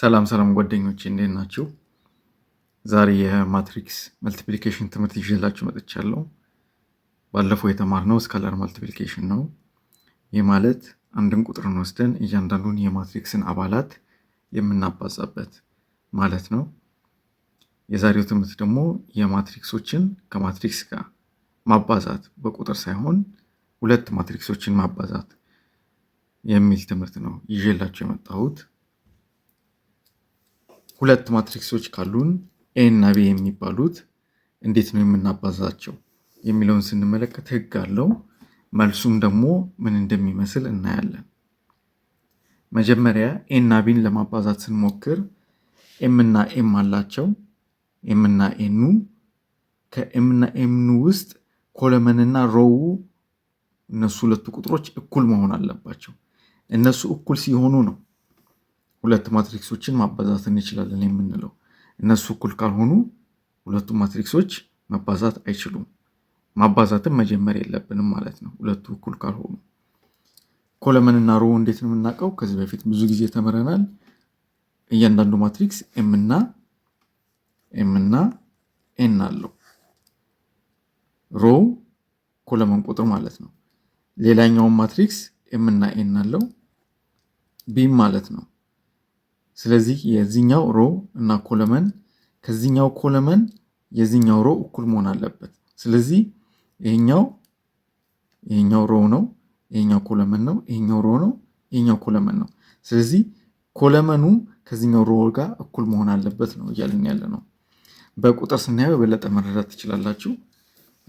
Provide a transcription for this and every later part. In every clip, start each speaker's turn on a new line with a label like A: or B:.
A: ሰላም ሰላም ጓደኞች እንዴት ናችሁ? ዛሬ የማትሪክስ መልቲፕሊኬሽን ትምህርት ይዤላችሁ መጥቻለሁ። ባለፈው የተማርነው ስካላር መልቲፕሊኬሽን ነው። ይህ ማለት አንድን ቁጥርን ወስደን እያንዳንዱን የማትሪክስን አባላት የምናባዛበት ማለት ነው። የዛሬው ትምህርት ደግሞ የማትሪክሶችን ከማትሪክስ ጋር ማባዛት በቁጥር ሳይሆን ሁለት ማትሪክሶችን ማባዛት የሚል ትምህርት ነው ይዤላችሁ የመጣሁት። ሁለት ማትሪክሶች ካሉን ኤ እና ቢ የሚባሉት እንዴት ነው የምናባዛቸው የሚለውን ስንመለከት ህግ አለው። መልሱም ደግሞ ምን እንደሚመስል እናያለን። መጀመሪያ ኤ እና ቢን ለማባዛት ስንሞክር ኤም እና ኤም አላቸው። ኤም እና ኤኑ ከኤም እና ኤምኑ ውስጥ ኮለመንና ሮው እነሱ ሁለቱ ቁጥሮች እኩል መሆን አለባቸው። እነሱ እኩል ሲሆኑ ነው ሁለት ማትሪክሶችን ማባዛት እንችላለን የምንለው እነሱ እኩል ካልሆኑ ሁለቱ ማትሪክሶች መባዛት አይችሉም። ማባዛትም መጀመር የለብንም ማለት ነው። ሁለቱ እኩል ካልሆኑ ኮለመን እና ሮ እንዴት ነው የምናውቀው? ከዚህ በፊት ብዙ ጊዜ ተምረናል። እያንዳንዱ ማትሪክስ ኤምና ኤምና ኤን አለው። ሮ ኮለመን ቁጥር ማለት ነው። ሌላኛውን ማትሪክስ ኤምና ኤን አለው ቢም ማለት ነው። ስለዚህ የዚህኛው ሮ እና ኮለመን ከዚህኛው ኮለመን የዚህኛው ሮ እኩል መሆን አለበት። ስለዚህ ይሄኛው ይሄኛው ሮ ነው፣ ይሄኛው ኮለመን ነው፣ ይሄኛው ሮ ነው፣ ይሄኛው ኮለመን ነው። ስለዚህ ኮለመኑ ከዚህኛው ሮ ጋር እኩል መሆን አለበት ነው እያልን ያለ ነው። በቁጥር ስናየው የበለጠ መረዳት ትችላላችሁ።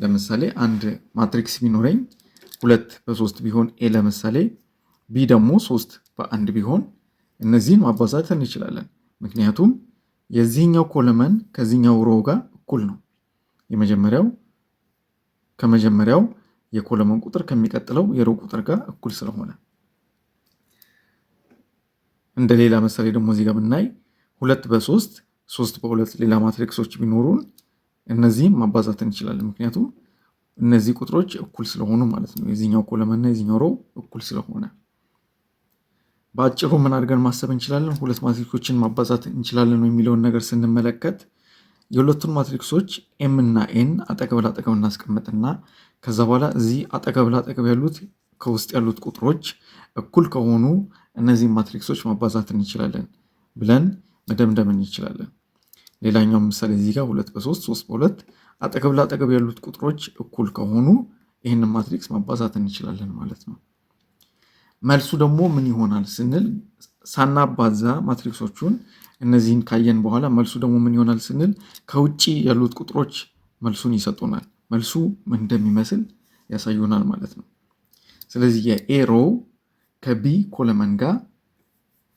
A: ለምሳሌ አንድ ማትሪክስ ቢኖረኝ ሁለት በሶስት ቢሆን ኤ ለምሳሌ ቢ ደግሞ ሶስት በአንድ ቢሆን እነዚህን ማባዛት እንችላለን። ምክንያቱም የዚህኛው ኮለመን ከዚህኛው ሮ ጋር እኩል ነው። የመጀመሪያው ከመጀመሪያው የኮለመን ቁጥር ከሚቀጥለው የሮ ቁጥር ጋር እኩል ስለሆነ እንደ ሌላ ምሳሌ ደግሞ እዚህ ጋር ብናይ ሁለት በሶስት ሶስት በሁለት ሌላ ማትሪክሶች ቢኖሩን እነዚህም ማባዛት እንችላለን። ምክንያቱም እነዚህ ቁጥሮች እኩል ስለሆኑ ማለት ነው። የዚህኛው ኮለመና የዚኛው ሮ እኩል ስለሆነ በአጭሩ ምን አድርገን ማሰብ እንችላለን? ሁለት ማትሪክሶችን ማባዛት እንችላለን የሚለውን ነገር ስንመለከት የሁለቱን ማትሪክሶች ኤም እና ኤን አጠገብ ላጠገብ እናስቀምጥና ከዛ በኋላ እዚህ አጠገብ ላጠገብ ያሉት ከውስጥ ያሉት ቁጥሮች እኩል ከሆኑ እነዚህን ማትሪክሶች ማባዛት እንችላለን ብለን መደምደም እንችላለን። ሌላኛው ምሳሌ እዚህ ጋር ሁለት በሶስት ሶስት በሁለት አጠገብ ላጠገብ ያሉት ቁጥሮች እኩል ከሆኑ ይህንን ማትሪክስ ማባዛት እንችላለን ማለት ነው። መልሱ ደግሞ ምን ይሆናል ስንል ሳናባዛ ማትሪክሶቹን እነዚህን ካየን በኋላ መልሱ ደግሞ ምን ይሆናል ስንል ከውጭ ያሉት ቁጥሮች መልሱን ይሰጡናል። መልሱ ምን እንደሚመስል ያሳዩናል ማለት ነው። ስለዚህ የኤሮ ከቢ ኮለመን ጋር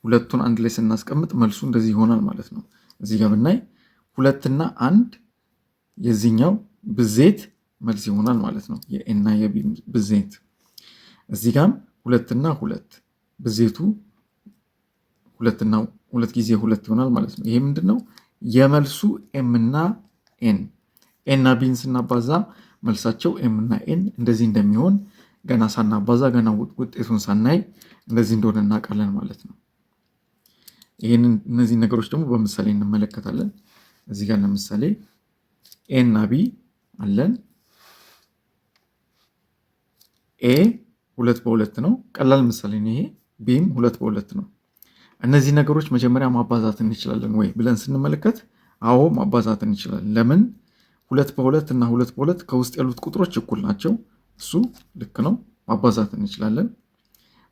A: ሁለቱን አንድ ላይ ስናስቀምጥ መልሱ እንደዚህ ይሆናል ማለት ነው። እዚህ ጋር ብናይ ሁለትና አንድ የዚህኛው ብዜት መልስ ይሆናል ማለት ነው። የኤና የቢ ብዜት እዚህ ጋም ሁለትና ሁለት ብዜቱ ሁለትና ሁለት ጊዜ ሁለት ይሆናል ማለት ነው። ይሄ ምንድን ነው? የመልሱ ኤም እና ኤን ኤና ቢን ስናባዛ መልሳቸው ኤም እና ኤን እንደዚህ እንደሚሆን ገና ሳናባዛ ገና ውጤቱን ሳናይ እንደዚህ እንደሆነ እናውቃለን ማለት ነው። ይህንን እነዚህ ነገሮች ደግሞ በምሳሌ እንመለከታለን። እዚህ ጋር ለምሳሌ ኤ እና ቢ አለን ኤ ሁለት በሁለት ነው። ቀላል ምሳሌ ነው ይሄ። ቢም ሁለት በሁለት ነው። እነዚህ ነገሮች መጀመሪያ ማባዛት እንችላለን ወይ ብለን ስንመለከት፣ አዎ ማባዛት እንችላለን። ለምን? ሁለት በሁለት እና ሁለት በሁለት ከውስጥ ያሉት ቁጥሮች እኩል ናቸው። እሱ ልክ ነው፣ ማባዛት እንችላለን።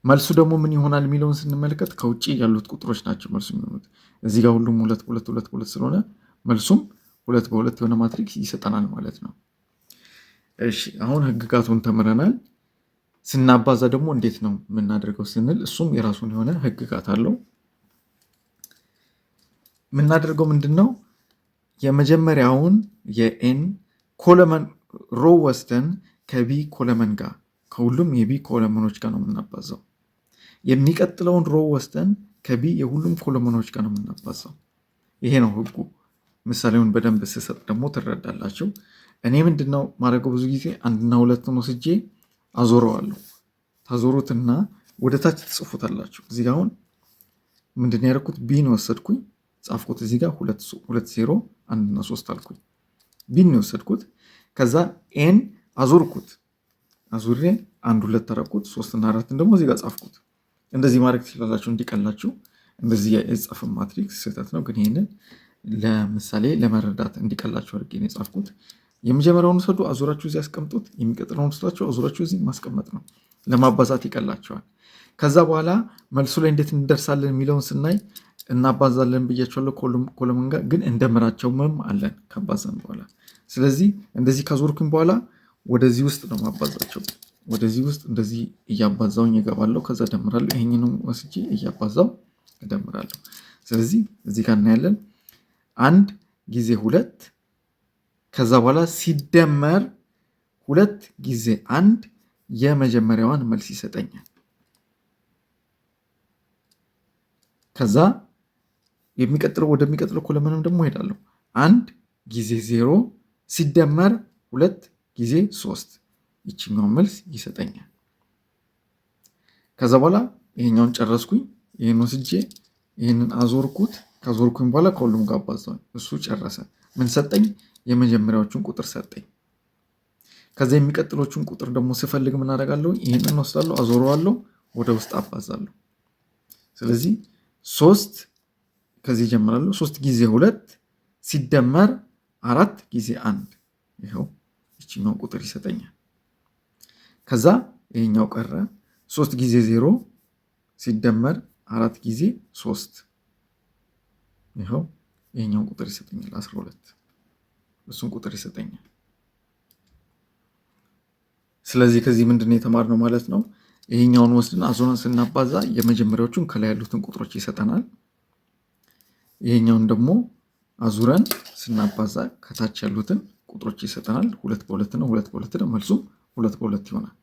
A: መልሱ ደግሞ ምን ይሆናል የሚለውን ስንመለከት ከውጭ ያሉት ቁጥሮች ናቸው መልሱ የሚሆኑት። እዚህ ጋር ሁሉም ሁለት በሁለት ሁለት በሁለት ስለሆነ መልሱም ሁለት በሁለት የሆነ ማትሪክስ ይሰጠናል ማለት ነው። እሺ አሁን ህግጋቱን ተምረናል። ስናባዛ ደግሞ እንዴት ነው የምናደርገው ስንል እሱም የራሱን የሆነ ህግጋት አለው። የምናደርገው ምንድን ነው የመጀመሪያውን የኤን ኮለመን ሮ ወስደን ከቢ ኮለመን ጋር ከሁሉም የቢ ኮለመኖች ጋር ነው የምናባዛው። የሚቀጥለውን ሮ ወስደን ከቢ የሁሉም ኮለመኖች ጋር ነው የምናባዛው። ይሄ ነው ህጉ። ምሳሌውን በደንብ ስሰጥ ደግሞ ትረዳላችሁ። እኔ ምንድነው ማድረገው ብዙ ጊዜ አንድና ሁለትን ወስጄ አዞረዋለሁ። ታዞሩትና ወደ ታች ትጽፉታላችሁ። እዚህ ጋ አሁን ምንድን ያደረኩት ቢን ወሰድኩኝ ጻፍኩት። እዚህ ጋ ሁለት ዜሮ አንድና ሶስት አልኩኝ። ቢን የወሰድኩት ከዛ ኤን አዞርኩት። አዙሬ አንድ ሁለት ተረኩት። ሶስትና አራትን ደግሞ እዚህ ጻፍኩት። እንደዚህ ማድረግ ትችላላችሁ እንዲቀላችሁ። እንደዚህ የጻፍን ማትሪክስ ስህተት ነው፣ ግን ይህንን ለምሳሌ ለመረዳት እንዲቀላችሁ አድርጌ ነው የጻፍኩት። የመጀመሪያውን ውሰዱ፣ አዙራችሁ እዚህ ያስቀምጡት። የሚቀጥለውን ውስዳችሁ አዙራችሁ እዚህ ማስቀመጥ ነው። ለማባዛት ይቀላቸዋል። ከዛ በኋላ መልሱ ላይ እንዴት እንደርሳለን የሚለውን ስናይ እናባዛለን ብያቸዋለሁ። ኮለምን ጋር ግን እንደምራቸው ምም አለን ካባዛን በኋላ ስለዚህ እንደዚህ ካዞርኩኝ በኋላ ወደዚህ ውስጥ ነው ማባዛቸው። ወደዚህ ውስጥ እንደዚህ እያባዛውኝ እገባለሁ። ከዛ እደምራለሁ። ይሄኛውንም ወስጄ እያባዛው እደምራለሁ። ስለዚህ እዚህ ጋር እናያለን አንድ ጊዜ ሁለት ከዛ በኋላ ሲደመር ሁለት ጊዜ አንድ የመጀመሪያዋን መልስ ይሰጠኛል። ከዛ የሚቀጥለው ወደሚቀጥለው ለምንም ደግሞ እሄዳለሁ። አንድ ጊዜ ዜሮ ሲደመር ሁለት ጊዜ ሶስት ይችኛውን መልስ ይሰጠኛል። ከዛ በኋላ ይሄኛውን ጨረስኩኝ። ይህን ወስጄ ይህንን አዞርኩት። ከዞርኩኝ በኋላ ከሁሉም ጋር አባዛሁኝ። እሱ ጨረሰ። ምን ሰጠኝ? የመጀመሪያዎቹን ቁጥር ሰጠኝ። ከዚያ የሚቀጥሎቹን ቁጥር ደግሞ ስፈልግ ምን አደርጋለሁ? ይህንን ወስዳለሁ፣ አዞረዋለሁ፣ ወደ ውስጥ አባዛለሁ። ስለዚህ ሶስት ከዚህ ይጀምራሉ። ሶስት ጊዜ ሁለት ሲደመር አራት ጊዜ አንድ ይኸው ይችኛው ቁጥር ይሰጠኛል። ከዛ ይሄኛው ቀረ። ሶስት ጊዜ ዜሮ ሲደመር አራት ጊዜ ሶስት ይኸው ይሄኛው ቁጥር ይሰጠኛል አስራ ሁለት እሱን ቁጥር ይሰጠኛል። ስለዚህ ከዚህ ምንድን የተማርነው ማለት ነው? ይሄኛውን ወስድን አዞናን ስናባዛ የመጀመሪያዎቹን ከላይ ያሉትን ቁጥሮች ይሰጠናል። ይሄኛውን ደግሞ አዙረን ስናባዛ ከታች ያሉትን ቁጥሮች ይሰጠናል። ሁለት በሁለት ነው። ሁለት በሁለት ነው። መልሱም ሁለት በሁለት ይሆናል።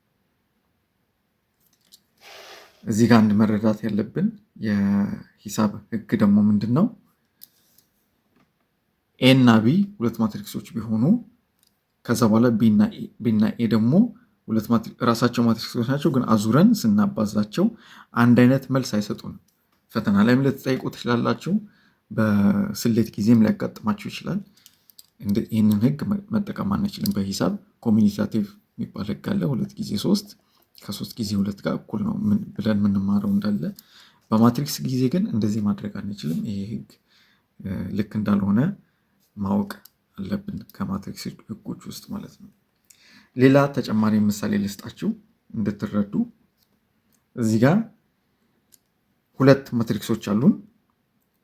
A: እዚህ ጋር አንድ መረዳት ያለብን የሂሳብ ህግ ደግሞ ምንድን ነው? ኤ እና ቢ ሁለት ማትሪክሶች ቢሆኑ ከዛ በኋላ ቢ እና ኤ ደግሞ ራሳቸው ማትሪክሶች ናቸው፣ ግን አዙረን ስናባዛቸው አንድ አይነት መልስ አይሰጡም። ፈተና ላይም ልትጠይቁ ትችላላችሁ። በስሌት ጊዜም ሊያጋጥማችሁ ይችላል። ይህንን ህግ መጠቀም አንችልም። በሂሳብ ኮሚኒታቲቭ የሚባል ህግ አለ። ሁለት ጊዜ ሶስት ከሶስት ጊዜ ሁለት ጋር እኩል ነው ብለን የምንማረው እንዳለ። በማትሪክስ ጊዜ ግን እንደዚህ ማድረግ አንችልም። ይሄ ህግ ልክ እንዳልሆነ ማወቅ አለብን ከማትሪክስ ህጎች ውስጥ ማለት ነው። ሌላ ተጨማሪ ምሳሌ ልስጣችሁ እንድትረዱ። እዚህ ጋር ሁለት ማትሪክሶች አሉን።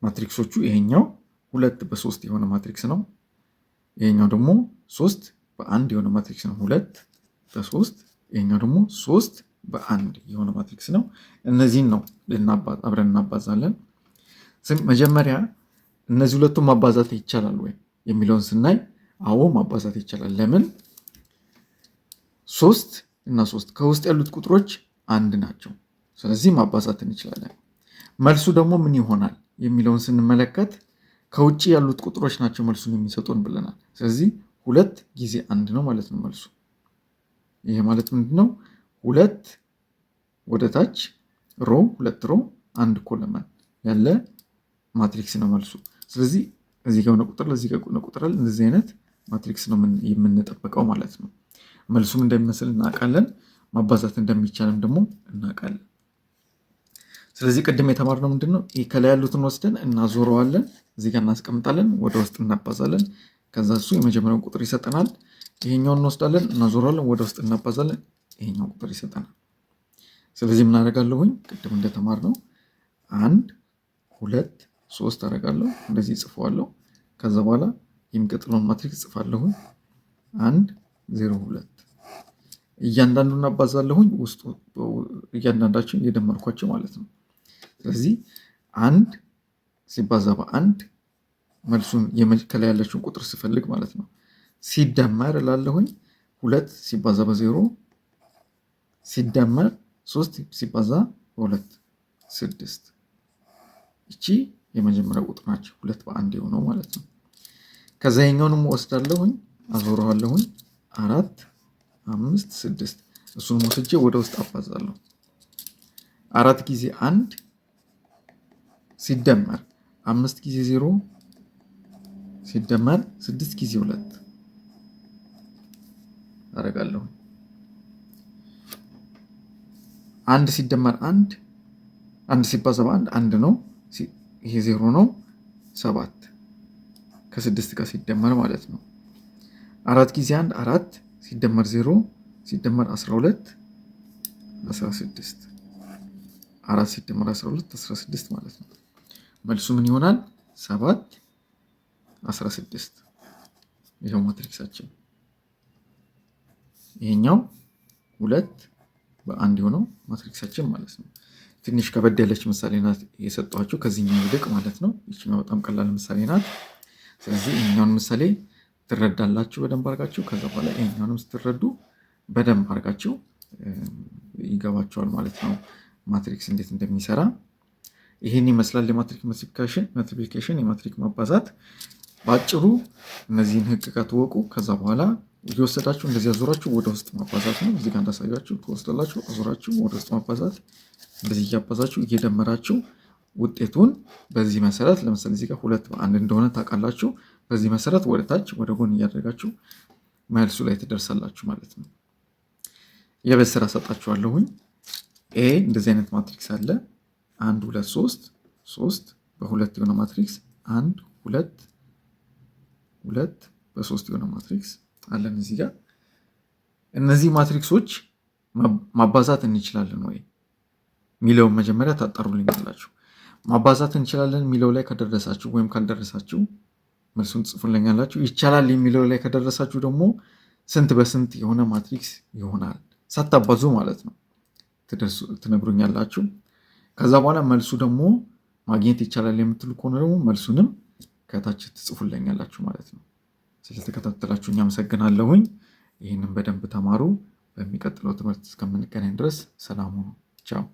A: ማትሪክሶቹ ይሄኛው ሁለት በሶስት የሆነ ማትሪክስ ነው። ይሄኛው ደግሞ ሶስት በአንድ የሆነ ማትሪክስ ነው። ሁለት በሶስት ይሄኛው ደግሞ ሶስት በአንድ የሆነ ማትሪክስ ነው። እነዚህን ነው አብረን እናባዛለን። መጀመሪያ እነዚህ ሁለቱም ማባዛት ይቻላል ወይ? የሚለውን ስናይ አዎ ማባዛት ይቻላል። ለምን ሶስት እና ሶስት ከውስጥ ያሉት ቁጥሮች አንድ ናቸው። ስለዚህ ማባዛት እንችላለን። መልሱ ደግሞ ምን ይሆናል የሚለውን ስንመለከት ከውጭ ያሉት ቁጥሮች ናቸው መልሱን የሚሰጡን ብለናል። ስለዚህ ሁለት ጊዜ አንድ ነው ማለት ነው መልሱ። ይሄ ማለት ምንድን ነው? ሁለት ወደ ታች ሮ ሁለት ሮ አንድ ኮለመን ያለ ማትሪክስ ነው መልሱ። ስለዚህ እዚህ ከሆነ ቁጥር ለዚህ ከሆነ ቁጥር እንደዚህ አይነት ማትሪክስ ነው የምንጠብቀው ማለት ነው። መልሱም እንደሚመስል እናውቃለን። ማባዛት እንደሚቻልም ደግሞ እናውቃለን። ስለዚህ ቅድም የተማርነው ምንድን ነው? ከላይ ያሉትን ወስደን እናዞረዋለን፣ እዚህ ጋር እናስቀምጣለን፣ ወደ ውስጥ እናባዛለን። ከዛ እሱ የመጀመሪያውን ቁጥር ይሰጠናል። ይሄኛውን እንወስዳለን፣ እናዞረዋለን፣ ወደ ውስጥ እናባዛለን። ይሄኛው ቁጥር ይሰጠናል። ስለዚህ ምን አደርጋለሁኝ? ቅድም እንደተማርነው አንድ ሁለት ሶስት አደርጋለሁ እንደዚህ ጽፈዋለሁ። ከዛ በኋላ የሚቀጥለውን ማትሪክስ ጽፋለሁኝ አንድ ዜሮ ሁለት እያንዳንዱን አባዛለሁኝ ውስጡ እያንዳንዳቸውን እየደመርኳቸው ማለት ነው። ስለዚህ አንድ ሲባዛ በአንድ መልሱን ከላይ ያለችውን ቁጥር ስፈልግ ማለት ነው ሲደመር እላለሁኝ ሁለት ሲባዛ በዜሮ ሲደመር ሶስት ሲባዛ በሁለት ስድስት። እቺ የመጀመሪያ ናቸው ሁለት በአንድ የሆነው ማለት ነው። ከዛ ይሄኛውንም ወስዳለሁኝ አዞረዋለሁኝ አራት አምስት ስድስት እሱን ወስጄ ወደ ውስጥ አባዛለሁ። አራት ጊዜ አንድ ሲደመር አምስት ጊዜ ዜሮ ሲደመር ስድስት ጊዜ ሁለት አደርጋለሁ። አንድ ሲደመር አንድ አንድ ሲባዛ በአንድ አንድ ነው። ይሄ ዜሮ ነው። ሰባት ከስድስት ጋር ሲደመር ማለት ነው። አራት ጊዜ አንድ አራት ሲደመር ዜሮ ሲደመር 12 16 አራት ሲደመር 12 ስድስት ማለት ነው። መልሱ ምን ይሆናል? ሰባት ስድስት ይኸው ማትሪክሳችን ይሄኛው ሁለት በአንድ የሆነው ማትሪክሳችን ማለት ነው። ትንሽ ከበድ ያለች ምሳሌ ናት የሰጧችሁ ከዚህኛው ይልቅ ማለት ነው። ይችኛው በጣም ቀላል ምሳሌ ናት። ስለዚህ ይህኛውን ምሳሌ ትረዳላችሁ በደንብ አርጋችሁ። ከዛ በኋላ ይህኛውንም ስትረዱ በደንብ አድርጋችሁ ይገባቸዋል ማለት ነው። ማትሪክስ እንዴት እንደሚሰራ ይህን ይመስላል። የማትሪክ ማልቲፕሊኬሽን፣ የማትሪክ ማባዛት በአጭሩ እነዚህን ህግ ከታወቁ ከዛ በኋላ እየወሰዳችሁ እንደዚህ አዙራችሁ ወደ ውስጥ ማባዛት ነው። እዚጋ እንዳሳያችሁ ከወስደላችሁ አዙራችሁ ወደ ውስጥ ማባዛት፣ እንደዚህ እያባዛችሁ እየደመራችሁ ውጤቱን በዚህ መሰረት ለምሳሌ እዚጋ ሁለት በአንድ እንደሆነ ታውቃላችሁ። በዚህ መሰረት ወደ ታች ወደ ጎን እያደረጋችሁ መልሱ ላይ ትደርሳላችሁ ማለት ነው። የቤት ስራ ሰጣችኋለሁኝ። ኤ እንደዚህ አይነት ማትሪክስ አለ። አንድ ሁለት ሶስት ሶስት በሁለት የሆነ ማትሪክስ አንድ ሁለት ሁለት በሶስት የሆነ ማትሪክስ አለን እዚህ ጋር እነዚህ ማትሪክሶች ማባዛት እንችላለን ወይ የሚለውን መጀመሪያ ታጠሩልኛላችሁ። ማባዛት እንችላለን የሚለው ላይ ከደረሳችሁ ወይም ካልደረሳችሁ መልሱን ጽፉልኛላችሁ። ይቻላል የሚለው ላይ ከደረሳችሁ ደግሞ ስንት በስንት የሆነ ማትሪክስ ይሆናል ሳታባዙ ማለት ነው ትነግሩኛላችሁ። ከዛ በኋላ መልሱ ደግሞ ማግኘት ይቻላል የምትሉ ከሆነ ደግሞ መልሱንም ከታች ትጽፉልኛላችሁ ማለት ነው። ስለተከታተላችሁ አመሰግናለሁኝ። ይህንም በደንብ ተማሩ። በሚቀጥለው ትምህርት እስከምንገናኝ ድረስ ሰላም ሁኑ። ቻው